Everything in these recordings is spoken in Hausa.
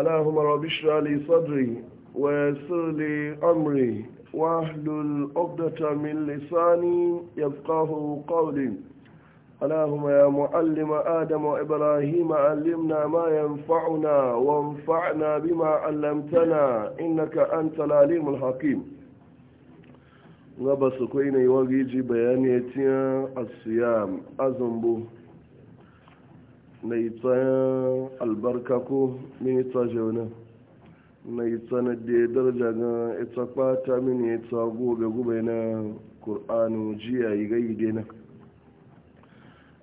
اللهم رب اشرح لي صدري ويسر لي امري واحلل عقدة من لساني يفقه قولي اللهم يا معلم ادم وابراهيم علمنا ما ينفعنا وانفعنا بما علمتنا انك انت العليم الحكيم غبس كويني وجيجي بيانيتي الصيام ازمبو na tsayan albarka ko mini tsajewa na yi tsanar da ya daraja na ita kwata mini ya gobe gube na ƙur'anu jiya yi gayi dena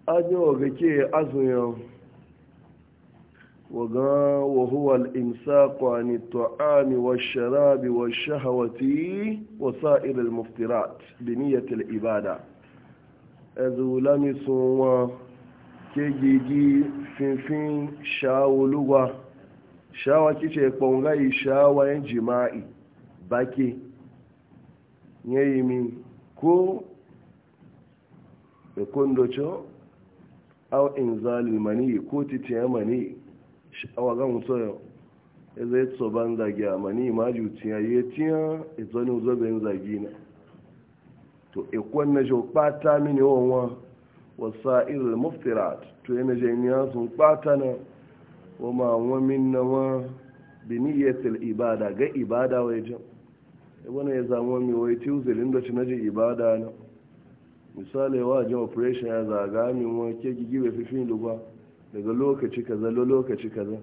an yi wa gake azuyan waga wa huwa kwani ta'ami wa sharabi wa shahawati wa sa'irar muftirat bi niyyatil ibada ezu lamisun wa ke gigi finfin shawuluwa shawa kice kpongayi yin jima'i baki yayi mi e ko da kundocho aw zalil mani ko titiya mani shawa ga musoyo e zai tsoban zagi a mani majutiya ya tiya izonin e zobin zagi na to ikon na jo pata mini wawan wasa'il muftirat to yana jami'a sun kwata na wa ma wamin na wa biniyatul ibada ga ibada wai jan wani ya zama mai wai tuzilin da cinaji ibada na misali wa jan operation ya zaga min wa ke gigi bai fi fin daga lokaci kaza lo lokaci kaza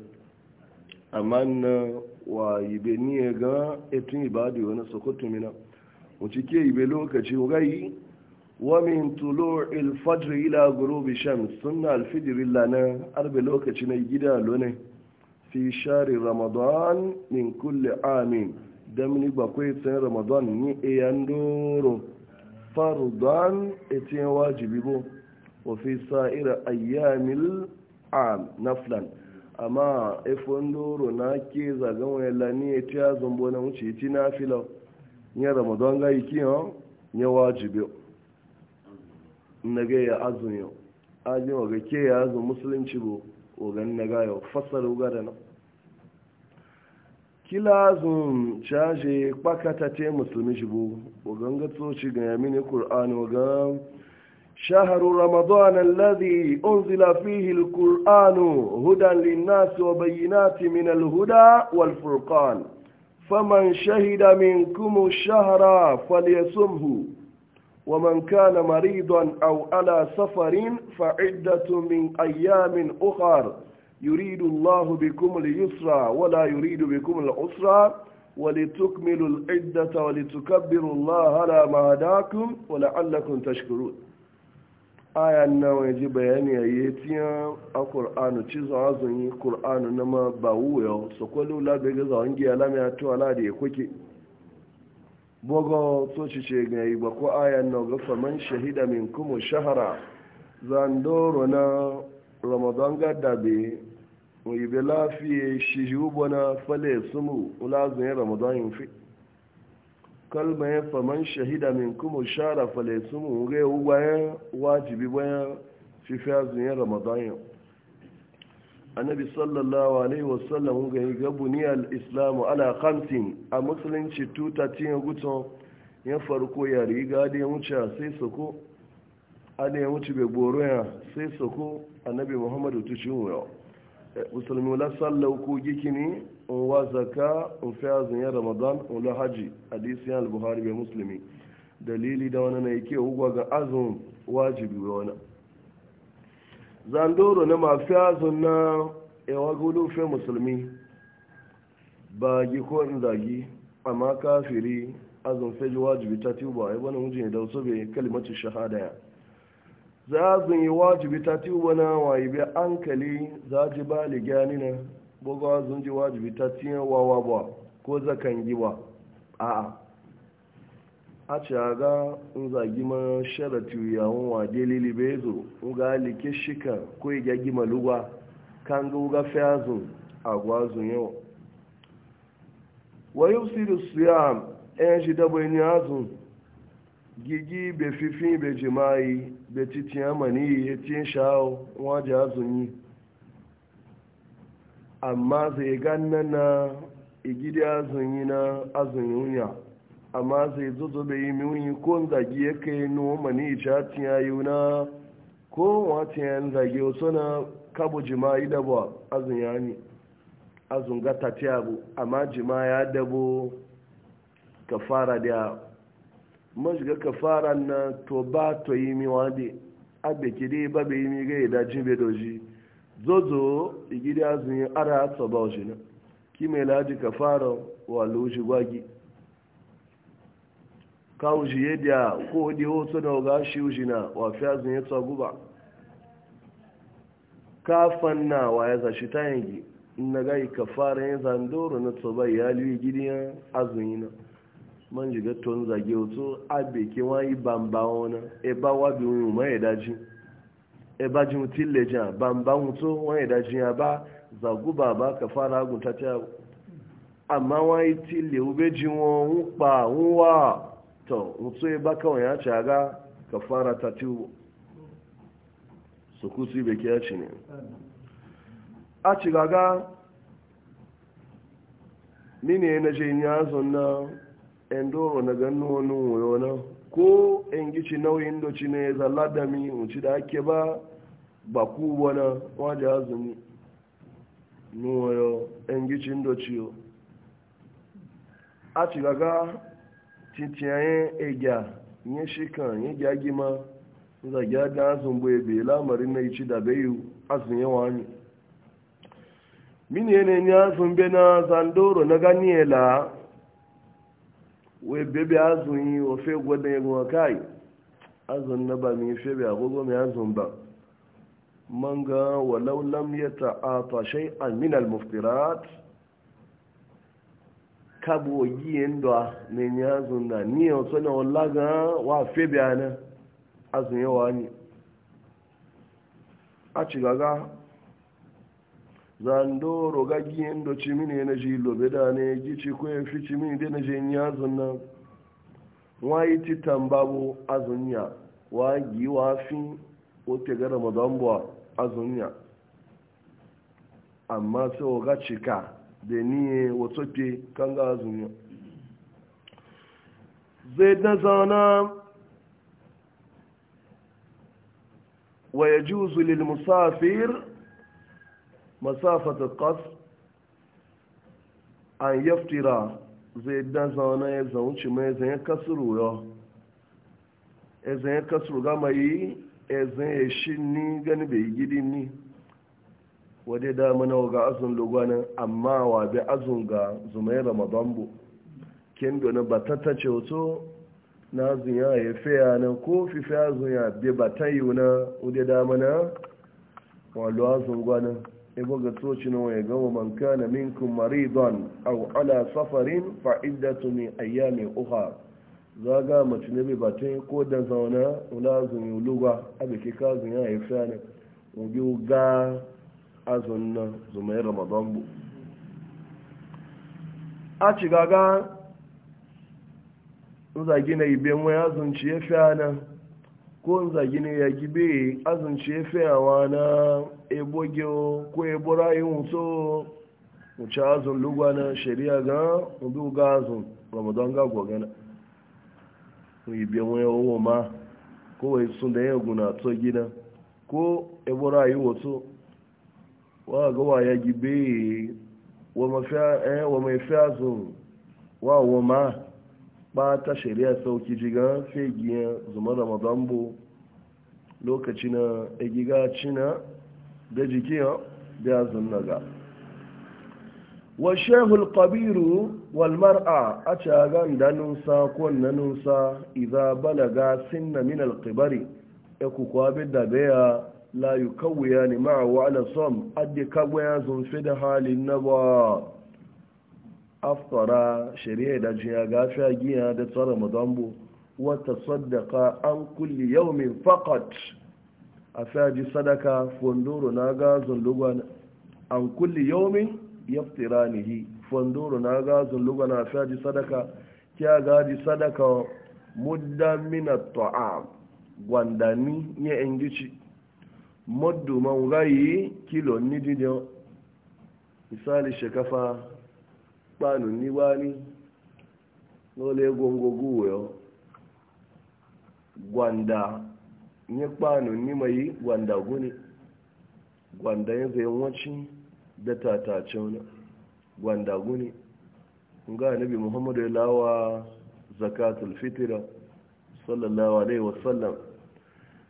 amma na wa yi beniya ga etin ibadi wani sokoto mina wuce ke yi bai lokaci wa yi wamin tulo ilfajir ila gurubi shams suna alfijirin lanar arbe lokaci na gida lone fi shari ramadan min kulle amin damini bakwai san ramadan ni iyan doro farudan etiyan wajibi bo wafi sa'ira ayyamil am naflan amma efon doro na ke zagan wani lani etiya zombo na wuce ti na filo ya ramadan ga ikiyan ya wajibi na ga ya azun yau ajin waga ke ya azun musulunci bu ogan na ga yau fasar uga da nan kila azun caje kpakata te musulunci shi bu ogan ga tsoci ga yamini kur'an ogan شهر رمضان الذي أنزل فيه القرآن هدى للناس وبينات من الهدى والفرقان فمن شهد منكم الشهر فليصمه ومن كان مريضا أو على سفر فعدة من أيام أخر يريد الله بكم اليسرى ولا يريد بكم العسرى ولتكملوا العدة ولتكبروا الله على ما هداكم ولعلكم تشكرون آية النوى يجب أن يأتي القرآن تشيزو عزني القرآن نما باوية سكولو لا بيجزا ونجي ألامي أتوى لا دي كوكي bogo so ci ce ga yi ba ko ayan na ga faman shahida min kuma shahara zandoro na ramadan gada mu yi be lafiye shi jubo na fale sumu ulazin ramadan yin fi kalma ya faman shahida min kuma shahara fale sumu ga yi wajibi bayan fi fi azin ramadan yin annabi sallallahu alaihi wasallam ga yi gabuni al-islamu ala khamsin a musulunci tuta ya guto ya farko ya riga da ya wuce sai soko ada ya wuce bai goro ya sai soko annabi muhammadu tushe wuyo eh, musulmi la sallau ko gikini in wa zaka in fi azin ya ramadan in la haji hadisi al-buhari bai musulmi dalili da wani na yake hugwa ga azun wajibi wani zandoro na mafiya na yawa gudu fe musulmi ba gi ko in zagi amma kafiri azun fe ji wajibi ta tuba ya wani wujin da wasu bai kalimacin shahada ya za zun yi wajibi ta tuba na wayi an kali za ji ba ligani na bugawa zun ji wajibi ta tiyan wawa ba ko zakan giwa a'a a ci aga in zagi ma sharatu yawon waje lilibe zo nga like shika ko ya gyagi maluwa kan ga uga fiyazun a gwazun yau wa yau siru siyam ɗayan shi dabo ni azun gigi be fifin be jima'i be titiya mani ya tiyan sha'o ji azun yi amma zai ganna na igidi azun yi na azun yi amma zai zozo bai yi miwuyi ko zagi ya kai noma ni ya yi na ko wa yan zagi wasu na kabo jima'i dabo azun ya ni azun gata tiya bu amma jima'i ya dabo ka fara da mashiga ka fara na to ba to yi miwa de abe kiri ba bai yi ga ya dajin bai doji zozo igidi azun yi ara ta ba wajen kime laji ka fara wa shi gwagi kawo shi yadda ko di hoto da ga shi shi na wafiya zun ya tsagu ba kafan na wa ya zashi ta yanki na ga yi za yin zandoro na tsoba ya liwi gidiya azumi na man jiga ton zage hoto abe ke wa yi bamba wona e ba wa bi wun ma ya daji e ba jin tille jan bamba hoto wa ya daji ya ba zagu ba ba kafara agun ta amma wa yi tille ube jin won pa won wa to mutu ya ba kawai ya ce ga ka fara ta tiwo su kusi bai ya ci ne a ci gaga ni na je ya na endoro na ganin wani wuyo na ko in gici nauyin doci ne zalla da mi mutu da ake ba ba ku wani wajen azumi nuwayo in gici doci yo a ci gaga cinciyayen egya ya shikan ya gyagi ma zagya da azun bai bai lamarin na ici da bayu azun yawa ne mini yanayin ya azun bai na zandoro na ganiyela wai bebe azun yi wa fe gwada ya gwa kai azun na ba mai fe bai agogo mai azun ba manga ga walau lam ya ta'ata shay'an min al-muftirat kabo ogiye ndwa nenye a na niye ọtọ na ọlaga wa febi ana azụ ya wa anyị achigaga zando roga giye ndo chimini na ji lobe da ne gi chi ko fi chimini de na je nya azụ na wa iti tambabo azụ nya wa gi wa fi o te ga ramadan bo azụ nya amma so ga ka da niye ke kan ga azumi zai da zauna waya ji juzu musafir masafata kas an yaftira zai da zauna ya zaunci mai zai kasuru ezan ya kasuru gama yi ya shi ni gani bai gidi ni wadai da mana ga azun lugwanin amma wa bi azun ga zumai ramadan bu kin dona batata ce wato na azun ya yi fiya nan ko fi fiya azun ya bi batan yi na wadai da mana walo azun gwanin ibo ga tsoci na waya gama man kana minkum maridan aw ala safarin fa iddatu min ayyamin Za zaga mace ne bai batun ko da zauna wala azun yi lugwa abike kazun ya yi fiya ne nan bi ga azun na zumai ramadan bụ a ci gaga nzagi na ibe nwe azụ ci ya fiya na ko na ya gibe azụ ci ya fiya wa na eboge ko ebora yi wuto wuce azun lugwa na shari'a ga obi ga azun ramadan ga gwagana ibe nwe owo ma kowai sun da ya guna to gina ko ebora yi wuto wa ga wa ya gibe wa mai fiyazun eh, wa wa ma ba ta shari'a sauki jiga fegiyan zuma ramadan bu lokaci na egiga cina da jikiya da azun naga wa shehul kabiru wal mar'a a cagan da nunsa ko na nunsa balaga sinna min alkibari e ya kukwa da baya la yi kawuya ne ma'awa ala som adde kagwaya sun fi da halin na ba aftara shari'a da jiya gafiya giya da tsara madambo wata sadaka an kulli yau min fakat a fi sadaka fondoro na gazon lugana an kulli yau min yaftira hi fondoro na gazon lugana a faji sadaka kya gaji sadaka muddan mina ta'am gwandani ya ingici moddu man gayi kilo ni dijo misali shekafa kpanu ni wani lole gongo guwo gwanda nye kpanu ni mai gwanda guni gwanda ya zai wacin da tatace wani gwanda guni ga nabi muhammadu ya lawa zakatul fitira sallallahu alaihi wasallam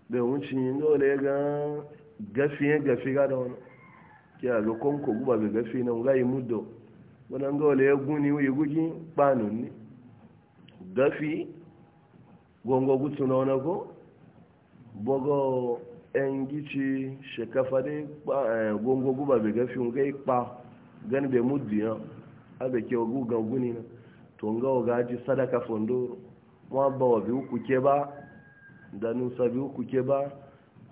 da wuncin dole ga gafi ya gafi ga da wani ke a lokon ko guba bai gafi na wula yi muddo wadanda dole ya guni wuyi guji kpanun ne gafi gongo gutu na wani ko bogo yan gici shekafa dai eh, gongo guba bai gafi wuka yi kpa gani bai muddi ya abe ke gugan guni na to ga ji sadaka fondo wa ba wa bi uku ke ba da nusa biyu kuke ba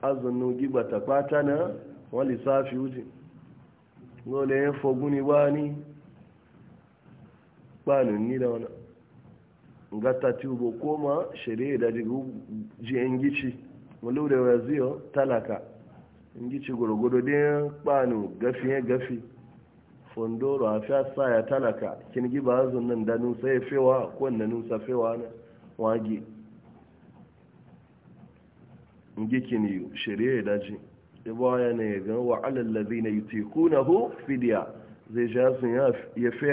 azannu giba ta kwata na wani safi wuce dole ya ni ba ni banin ni da wani gata tubo koma shirye da jiyan gici walau da ziyo talaka gici gwargwado din banin gafi ya gafi fondoro a fiya sa ya talaka kin giba azun nan da nusa ya fewa ko da nusa fewa na wagi ngikini ya daji ibo ya ne ga wa alal ladina yutiqunahu fidya zai ja sun ya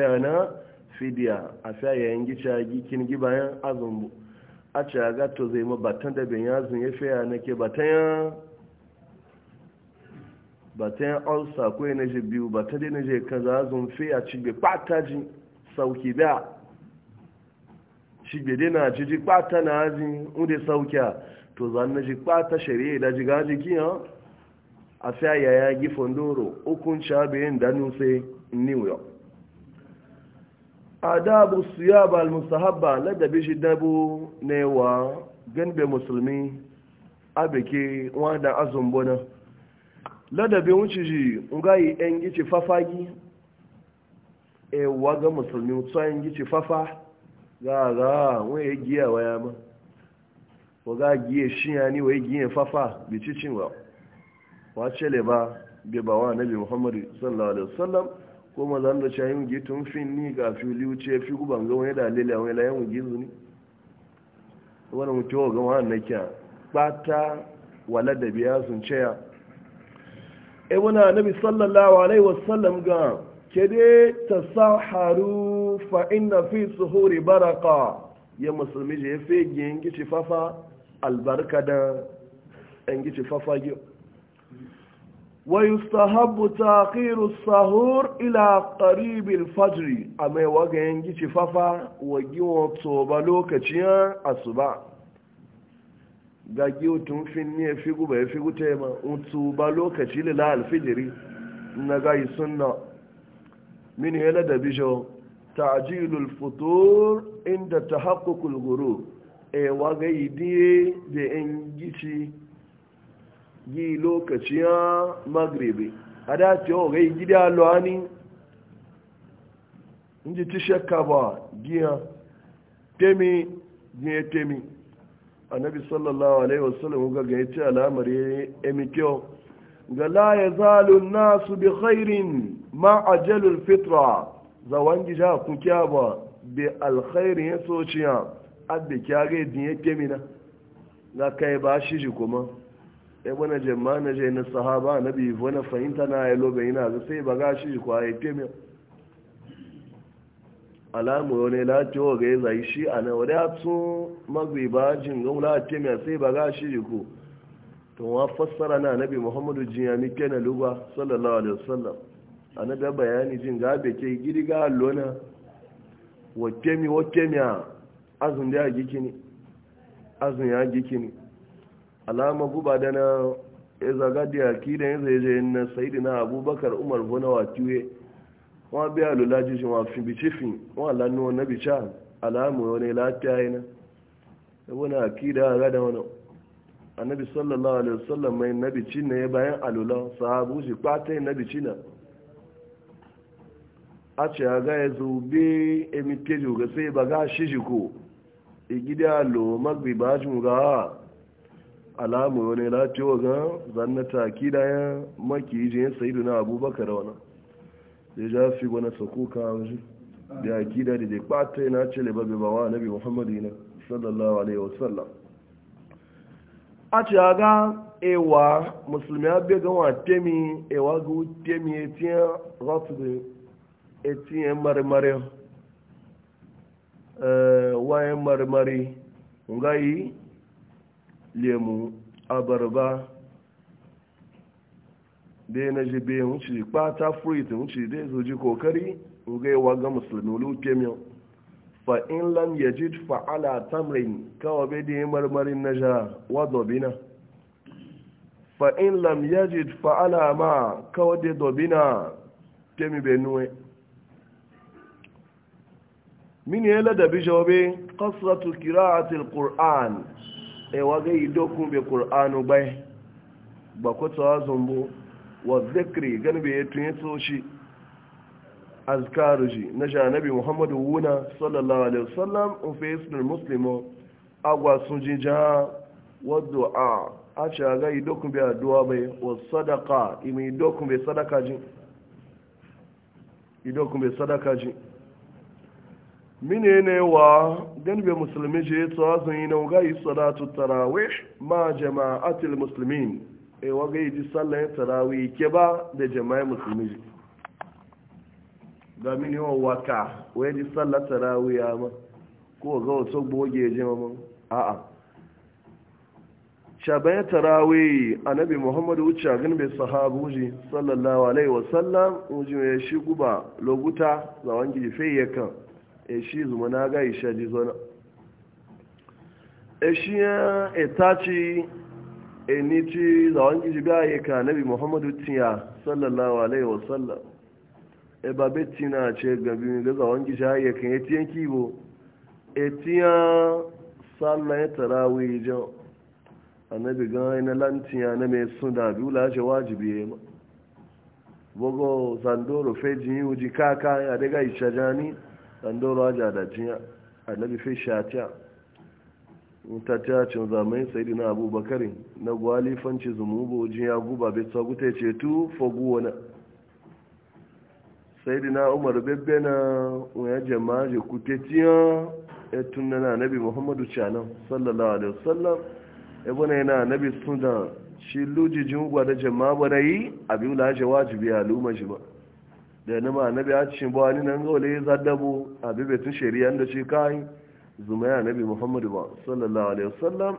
ya na? fidya a ya yin cha gikin gibayan azumbu a cha ga to zai ma batan da ben yazun ya na ke batan ya ulsa ko ne je biyu batan da ne je kaza azum fe a ci be pataji sauki da shi be dena jiji patana azin sauki a to zanna na ji kpata shari'a da jiga jiki ya a fiya ya gi fondoro ukun shabiyin da nuse new york adabu siyaba almustahabba ladabi shi dabu ne wa ganbe musulmi abike wanda azun bona ladabi wuce ji ngayi yan gici fafagi e ga musulmi tsayin gici fafa ga ga wani giya ya ma waga giye shiya ni wai giye fafa bi cicin wa wace le ba bi ba wa nabi muhammad sallallahu alaihi wasallam ko ma zan da chayin gi tun fin ni ga fi liuce fi ku ga wani da lele wani la yan gi zuni wannan mutuwa ga wannan nake bata wala da biya sun ceya e wana nabi sallallahu alaihi wasallam ga kede tasaharu fa inna fi suhuri baraka ya musulmi je fege yin gici fafa albarka da yan gici fafa gi wa yustahabbu taqiru sahur ila qarib a mai amai waga yin gici fafa wa giwo to ba lokacin asuba ga tun fin ne figu ba figu tema utu ba lokaci lila al na ga sunna min hela da bijo ta'jilul futur inda tahaqqul ghurur e eh, waga yidiye da en gici gi lokaciya magribi ada ti o gai gida loani inji ti shakka ba giya temi giya temi annabi sallallahu alaihi wasallam ga ga yace al'amari emikyo ga la yazalu an-nasu bi khairin ma ajalul fitra zawangi ja ku kya ba bi alkhairin ya sociya abu kya ga din ya mina na kai ba shi ji kuma e bana jama'a na je na sahaba nabi bana fahimta na ya lobe ina ga sai ba ga shi ji kwa ya kemina alamu ne la to ga ya zai shi ana wada su ba jin ga ke kemina sai ba ga shi ji ku to wa fassara na nabi muhammadu jiyami kenan lugwa sallallahu alaihi wasallam ana da bayani jin gabe ke gidi ga lona wakemi wakemi a azun da ya gikini azun ya gikini alama guba da na zaga da yaki da yanzu yaje na saidi na abubakar umar bona wa tiwe wọn bí alùlájú ṣe wa fi bìtì fi wọn lánà wọn náà wani alamu yana láti ayé na da ya gada wani annabi sallallahu alaihi wasallam mai nabi cinna ya bayan alula sahabu shi kwata nabi cinna a ce ya ga ya zobe emite joga sai ba ga shi ko igide e alo magbi ba shi ga alamu wani lati wa ga zannata kida ya maki ya sayidu na abubakar wani da ya fi wani sako ka wajen da kida da da kwata na ce le babe bawa nabi muhammadu yana sallallahu alaihi wasallam a ce ya ga ewa musulmi abin gawa temi ewa ga temi ya tiyan ratu da etinye marịmarị ee eh, wanye marịmarị ngaghị lemu abarba da na bi nwuchi kpata fruit wuce da zo ji kokari ngaiwa e ga musulmi lupe mil fa in lam yajid fa ala tamrin kawa be da marmarin naja wado bina fa in lam yajid fa ala ma kawa da dobina temi benuwe min ya ladabi jawabe kasratu kira'atil qur'an e waga idokun be qur'anu bai ba ko tsawa zumbu wa zikri gan be tun so shi azkaru ji na janabi muhammadu wuna sallallahu alaihi wasallam in fa yasnul muslimu agwa sun jinja wa du'a a shaga idokun be addu'a bai wa sadaqa imi idokun be sadaka ji idokun be sadaka jin. mine ne wa ganbe musulmi je tsawazin yi na yi salatu tarawe, ma jama'atul musulmin e wagayi ji sallayin tarawe ke ba da jama'i musulmi je ga mini wa waka wai ji sallar tarawe ya ma ko ga wasu goge je ma a'a shabayin tarawih annabi muhammadu wuce ganbe sahabu ji sallallahu alaihi wasallam wuce ya shi guba loguta zawon gife kan. eshi zuma na ga isha ji zona eshi ya etachi eniti za wangi ji ga ye ka nabi muhammadu tiya sallallahu alaihi wasallam e ba beti na ce gabi ga za wangi ji ye kan etiyan kibo etiyan sallan tarawih jo annabi ga ina lantiya na me suna biyu la ce wajibi ya ma bogo sandoro fejin uji kaka ya daga isha ɗandoro haja da jiya annabi fi shatiya ta ta cin zamanin sayidi na abubakar na gwalifanci zumubo jiya guba bai tsaguta ce tu fagu wani sayidi na umar bebe na wani jama'a je kuke tiya etun na annabi muhammadu canan sallallahu alaihi wasallam ebe na yana annabi sun da shi lujijin gwada jama'a ba na yi abin lajewa jibi al'umma shi ba da ni ma nabi a cikin buwa ni nan gole ya zaddabo a bibetin shari'a da ce kai zumaya nabi muhammadu ba sallallahu alaihi wasallam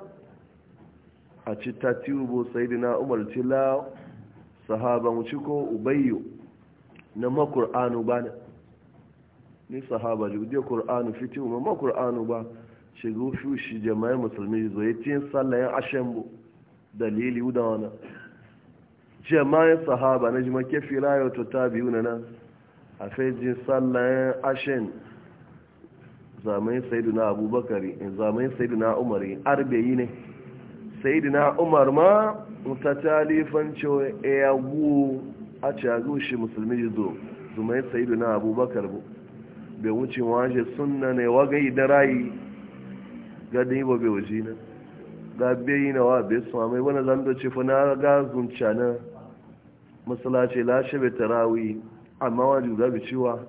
a ci ta sai dina umar tila sahaban ciko ubayyo na makur'anu ba ne ni sahaba ji je kur'anu fiti umar makur'anu ba shigo shi jama'ai musulmi zai ya tiyin sallayen ashen bu dalili da wani jama'in sahaba na jima kefi rayuwa ta biyu na nan a fejin sallayen ashen zamanin Saidu abubakari zamanin in arbe arbeyi ne na umar ma mutattalifan cewa ya gu a cagu shi musulmi jizo Saidu na abubakar bu bai wuce waje suna ne wagai da rayi gadin yi babbe bai waje na gabe yi na wa bai su amai wani doce fa na ga canar masalaci lashe bai tarawi amma wani zabi cewa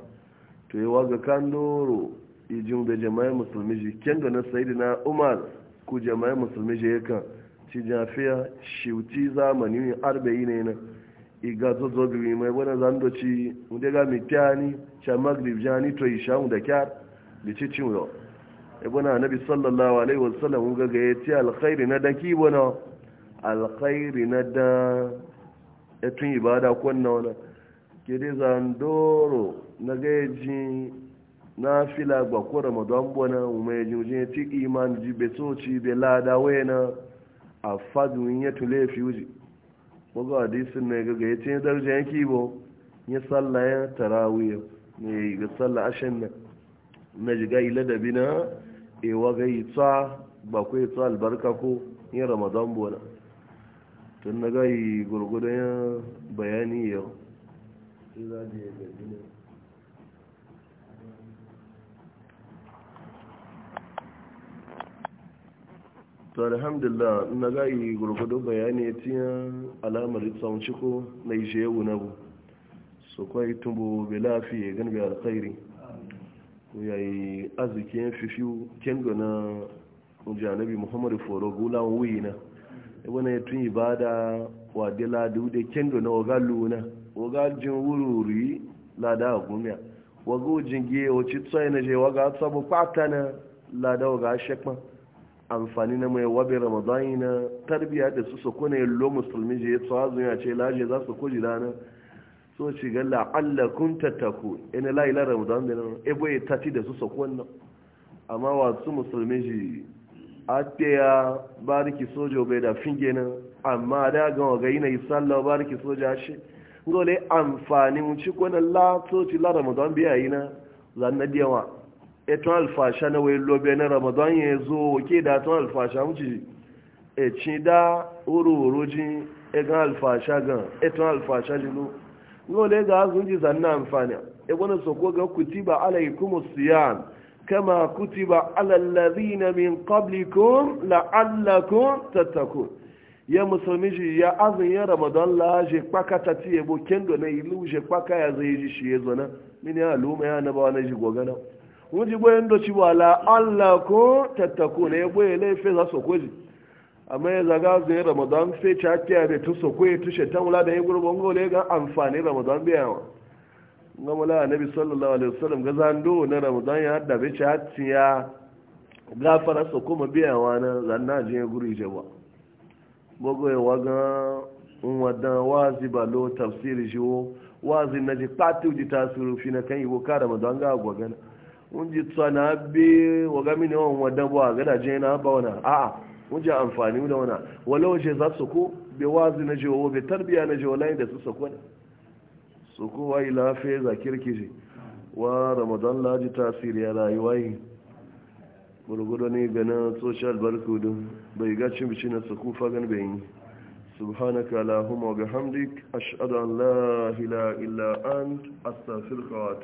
to yi waga kan doro ijin da jama'in musulmi ji da na sayidu na umar ku jama'in musulmi ji yakan ci jafiya shiuti zamani ne arba'i ne na iga zozo biyu mai wani zandoci wanda ga kyani cha magrib jani to isha da kyar da ci cin yau e ibn annabi sallallahu alaihi wasallam ga ga yati alkhairi na daki bona alkhairi na da etun ibada kwanna wani kede zandoro na gaji na fila gba ko ramadan bona umai ya ti iman ji be soci be lada wena a fadun ya tule fi wuji gbogbo hadisin ne gaga ya tin darja yake bo ya salla ya tarawih ne ga salla ashen na na jiga e ila da bina ewa ga gayi tsa ba ko tsa albarka ko in ramadan bona tun na gayi gurgudun ya bayani yau to alhamdulillah na gayi gurgudun bayani ya tiya alamar tsawon ciko na ishe yau na bu su kwai tumbo bai ya gani bai alkhairi yayi arzikin fifiyu kyan gana janabi muhammadu foro gulan wuyi na wani tun ibada wa de ladu de kendo na oga luna oga jin wururi lada gumiya wago giye o ci tsaye na je waga sabu fata na lada waga shekma amfani na mai wabe ramadani na tarbiya da su sako na lo musulmi je tsawa zuwa ce laje za su koji dana so ci ga la'alla kun tattaku ina la ila ramadan da nan ebo ya tati da su sako wannan amma wasu musulmi ji atiya bariki sojo bai da finge nan amma da ga waga yi na yi sallah bariki soja shi ngole amfani mu ci kwana la to la ramadan biya yi na zan na diyawa e to alfasha na wai lobe na ramadan ya zo ke da to alfasha mu ci e ci da uru uru ji e ga alfasha ga e to alfasha ji lo ngole ga zunji zan na amfani e gwana soko ga kutiba alaikumus siyam كما كتب على min من قبلكم لعلكم تتقون ya musulmi shi ya azin ya ramadan la je kwaka ta tiye bo kendo na ilu je kwaka ya zai ji shi ya zana mini ya luma ya nabawa na ji gogana mun ji boyen do ci ba la Allah ko tattako ne boye le fe za sokoji amma ya zaga zai ramadan fe ta kiya be tu sokoye tu shetan wala da ya gurbon gole ga amfani ramadan biya na mula nabi sallallahu alaihi wasallam ga zando na ramadan ya hada bai ci hatsi ya gafara su kuma biya wani zanna jin ya guri jawa gogo ya waga wadda wazi ba lo tafsiri wo wazi na ji pati ji tasiru fi na kan yi woka ramadan ga gwagana un ji tsana bi waga mini wani wadda ba gada da jin na ba wani a'a mun ji amfani da wani walau je za su ko bai wazi na jiwo bai tarbiya na jiwo layin da su sako su kowa yi lafe za shi. wa ramadan laji tasiri a rayuwayi gurgudu ne social barkudu bai ga bici na su kufa gan bai yi subhanaka allahumma wa bihamdik ashhadu an la ilaha illa an astaghfiruka wa